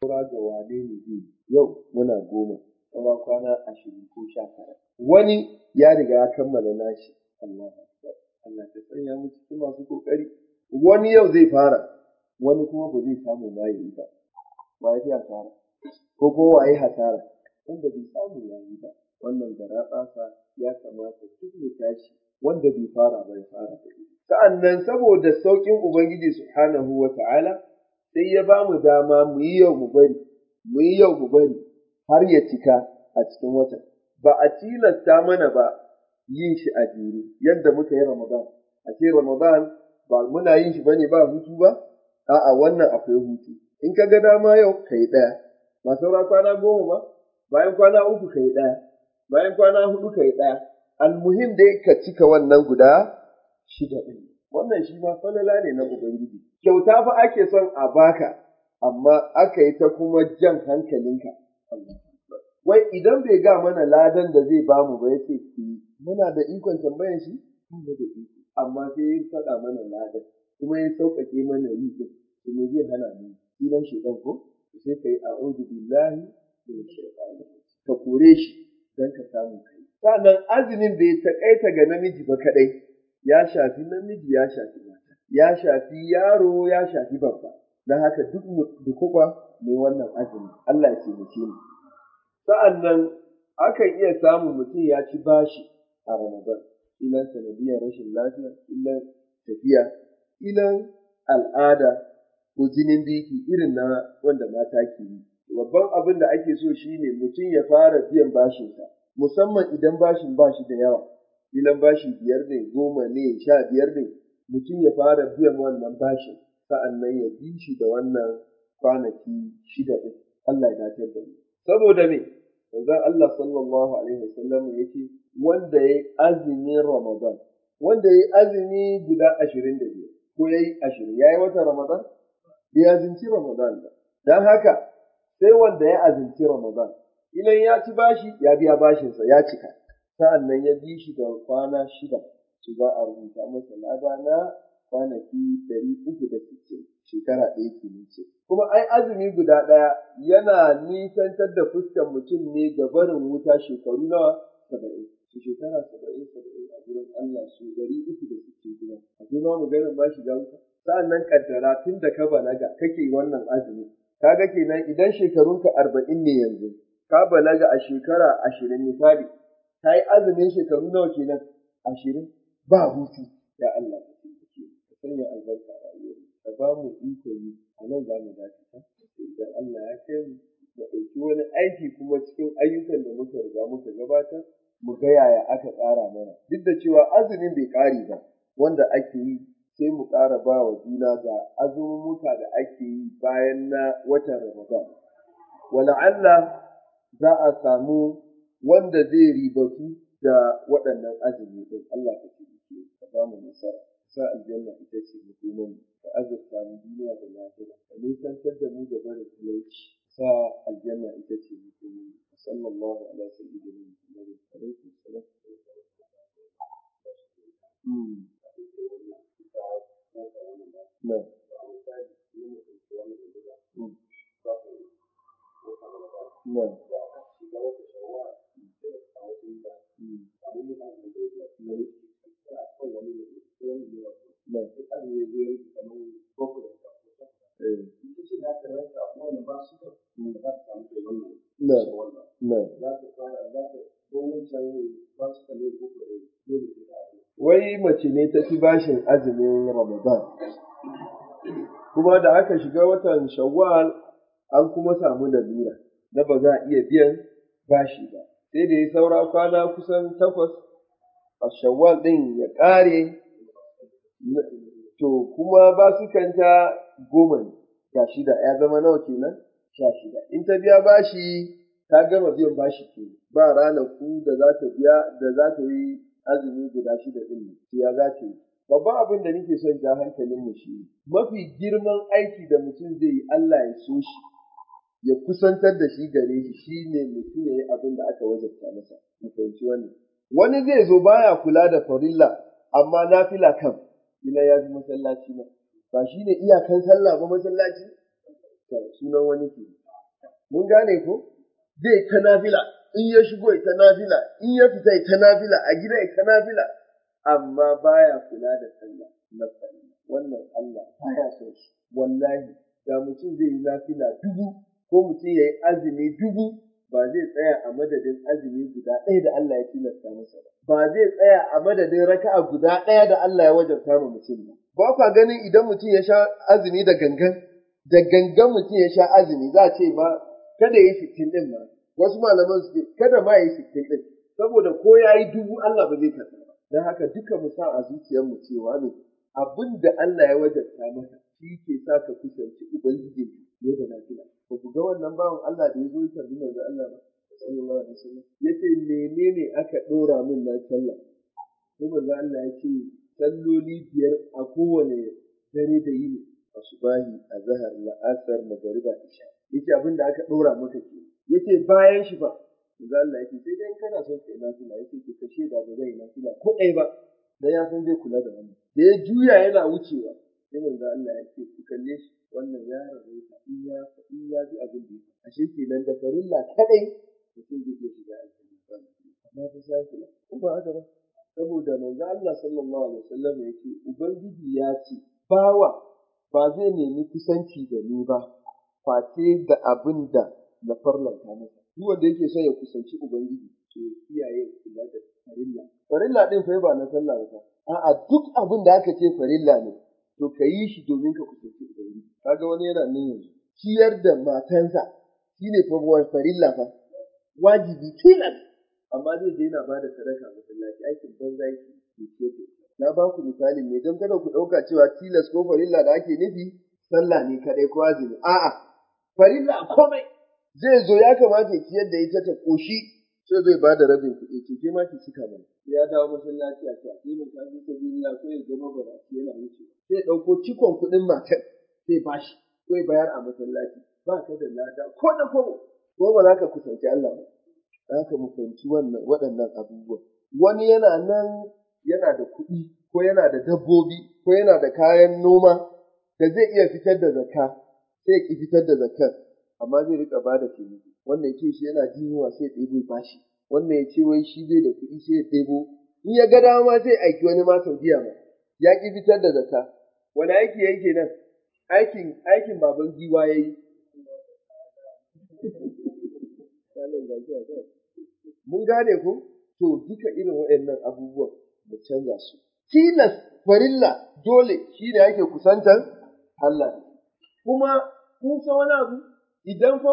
Saura ga wane ne zai yau muna goma, Kuma kwana ashirin ko sha tara. Wani ya riga ya kammala nashi, Allahu Akbar, Allah ka sanya mu cikin masu ƙoƙari. Wani yau zai fara, wani kuma ba zai samu maye ba. Wa ya fi Ko kuma wa hasara? Wanda bai samu ya yi ba. Wannan ɓata ya kamata duk mu tashi wanda bai fara ba ya fara. Sa'annan saboda sauƙin Ubangiji Subhanahu wa ta'ala sai ya ba mu dama mu yi yau mu bari, mu yi yau mu bari har ya cika a cikin watan. Ba a tilasta mana ba yin shi a jere yadda muka yi Ramadan. A ce Ramadan ba muna yin shi bane ba hutu ba, a'a wannan akwai hutu. In ka ga dama yau ka yi ɗaya, ba saura kwana goma ba, bayan kwana uku ka yi ɗaya, bayan kwana huɗu ka yi ɗaya. Almuhim dai ka cika wannan guda shida ɗin. Wannan shi ma falala ne na Ubangiji. kyauta fa ake son a baka, amma aka yi ta kuma jan hankalinka. Wai idan bai ga mana ladan da zai bamu ba ya ce, muna da ikon tambayar shi? Muna da iko, amma sai ya faɗa mana ladan, kuma ya sauƙaƙe mana yi ɗin, kuma zai hana mu idan shi ɗan ko? Sai ka yi a'udu billahi min shaytan ka kore shi don ka samu kai. Sannan azumin bai taƙaita ga namiji ba kaɗai, ya shafi namiji ya shafi ya shafi yaro ya shafi babba don haka duk dukuba ne wannan azumi Allah ya taimake mu sa'annan akan iya samun mutum ya ci bashi a Ramadan ilan sanadiyar rashin lafiya ilan tafiya ilan al'ada ko jinin biki irin na wanda mata ke yi babban abin da ake so shine mutum ya fara biyan bashinsa musamman idan bashin bashi da yawa ilan bashi biyar ne goma ne sha biyar ne mutum ya fara biyan wannan bashin sa'annan ya bi shi da wannan kwanaki shida ɗin Allah ya dace da mu saboda me manzon Allah sallallahu alaihi wasallam ce, wanda yi azumin Ramadan wanda yayi azumi guda biyar ko ashirin, ya yi watan Ramadan bai azinci Ramadan ba don haka sai wanda ya azinci Ramadan idan ya ci bashi ya biya bashinsa ya cika sa'annan ya bi shi da kwana shida to za a rubuta masa lada na kwanaki ɗari uku da sittin shekara ɗaya ke ce. Kuma ai azumi guda ɗaya yana nisantar da fuskar mutum ne ga barin wuta shekaru nawa saba'in. To shekara saba'in saba'in a gurin Allah su ɗari uku da sittin kuma. Akwai ma ganin ma shiga wuta. Sa'an nan kaddara tun da ka balaga kake wannan azumi. Kaga kenan idan shekarunka arba'in ne yanzu. Ka balaga a shekara ashirin misali. Ka yi azumin shekaru nawa kenan? Ashirin. ba hutu ya Allah ka taimake ka sanya albarka a rayuwar ka ba mu yi a nan za mu ka. idan Allah ya kai mu mu ɗauki wani aiki kuma cikin ayyukan da muka riga muka gabatar mu ga yaya aka ƙara mana duk da cewa azumin bai ƙare ba wanda ake yi sai mu ƙara ba wa juna ga azumumuka da ake yi bayan na watan Ramadan. Allah za a samu wanda zai ribatu da waɗannan azumi ɗin Allah ka taimake ka ba mu nasara sa aljanna ita ce hukumar ka azurta mu duniya da lafiya ka nisantar da mu gaba da talauci sa aljanna ita ce hukumar sallallahu ala sayyidina muhammad alaihi salam No. No. Wai mace ne ta bashin azumin Ramadan, kuma da aka shiga watan Shawwal an kuma samu lalura na ba za a iya biyan bashi ba. sai da ya saura kwana kusan takwas a shawwal ɗin ya ƙare to kuma ba su kanta goma sha shida ya zama nawa kenan sha shida in ta biya bashi ta gama biyan bashi ke ba ranaku da za ta biya da za ta yi azumi guda shida ɗin sai ya za ta yi babban abin da nake son ja hankalin mu shi mafi girman aiki da mutum zai yi Allah ya so shi ya kusantar da shi gare shi ne mutum ya yi abin da aka wajabta masa mu fahimci wannan wani zai zo baya kula da farilla amma fila kan ila ya fi masallaci ba ba ne iyakan sallah ba masallaci Ka sunan wani ke mun gane ko zai ta nafila in ya shigo ta nafila in ya fita ta nafila a gida ya ta nafila amma baya kula da sallah na wannan Allah baya so shi wallahi da mutum zai yi nafila dubu ko mutum ya yi azumi dubu ba zai tsaya a madadin azumi guda ɗaya da Allah ya tilasta masa ba. Ba zai tsaya a madadin raka'a guda ɗaya da Allah ya wajabta ma mutum ba. Ba kwa ganin idan mutum ya sha azumi da gangan, da gangan mutum ya sha azumi za a ce ma kada ya yi sittin ɗin ma. Wasu malaman su ce kada ma ya yi sittin ɗin, saboda ko ya yi dubu Allah ba zai karɓa ba. Don haka duka mu sa a zuciyarmu cewa ne abin da Allah ya wajabta maka shi ke sa ka kusanci Ubangiji ne da lafiya. ba ku ga wannan bawan Allah da ya zo ya tarbi manzo Allah ba sallallahu alaihi wasallam yace menene aka dora min na sallah sai manzo Allah ya ce salloli biyar a kowane dare da yini a asubahi azhar la'asar magariba isha yace abin da aka dora maka ke yace bayan shi ba manzo Allah yace sai dai kana son kai nafila yace ki kashe da ba zai nafila ko ɗaya ba dan ya san zai kula da wannan da ya juya yana wucewa sai manzo Allah yace ku kalle shi wannan ya rawaita in ya in ya bi abin da yake ashe kenan da farilla kadai mutum zai iya shiga aljanna amma fa shafi ko ba haka ba saboda manzo Allah sallallahu alaihi wasallam yake ubangiji ya ce bawa ba zai nemi kusanci da ni ba face da abin da na farlanta masa duk wanda yake son ya kusanci ubangiji to ya kiyaye kula da farilla farilla din fa ba na sallah ba a'a duk abin da aka ce farilla ne to ka yi shi domin ka kusanci ubangiji kaga wani yana nan yanzu ciyar da matansa shine fa farilla fa wajibi tilas amma zai je yana bada sadaka masallaci aikin banza yake ke ce na ba ku misali ne don kada ku ɗauka cewa tilas ko farilla da ake nufi sallah ne kaɗai ko azumi a'a farilla komai zai zo ya kamata ya ciyar da ita ta koshi sai zai ba da rabin kuɗi ce ke ma ki cika ba. ya dawo masallaci a ta ƙi mun ta bi ta ko ya zama bara yana wuce sai ɗauko cikon kuɗin matar zai bashi ko ya bayar a masallaci ba ka da lada ko da ko ko ba za ka kusanci Allah ba za ka musanci wannan waɗannan abubuwan wani yana nan yana da kuɗi ko yana da dabbobi ko yana da kayan noma da zai iya fitar da zakka sai ki fitar da zakkar amma zai rika ba da taimako wannan ya ce shi yana jin yunwa sai ya ɗebo bashi wannan ya ce wai shi zai da kuɗi sai ya ɗebo in ya ga dama sai aiki wani ma biya ma ya ƙi fitar da zakka wani aiki yake nan aikin aikin baban giwa yi. mun gane ku. to duka irin waɗannan abubuwan mu canza su tilas farilla dole shi ne yake kusantar Allah kuma kun san wani abu idan fa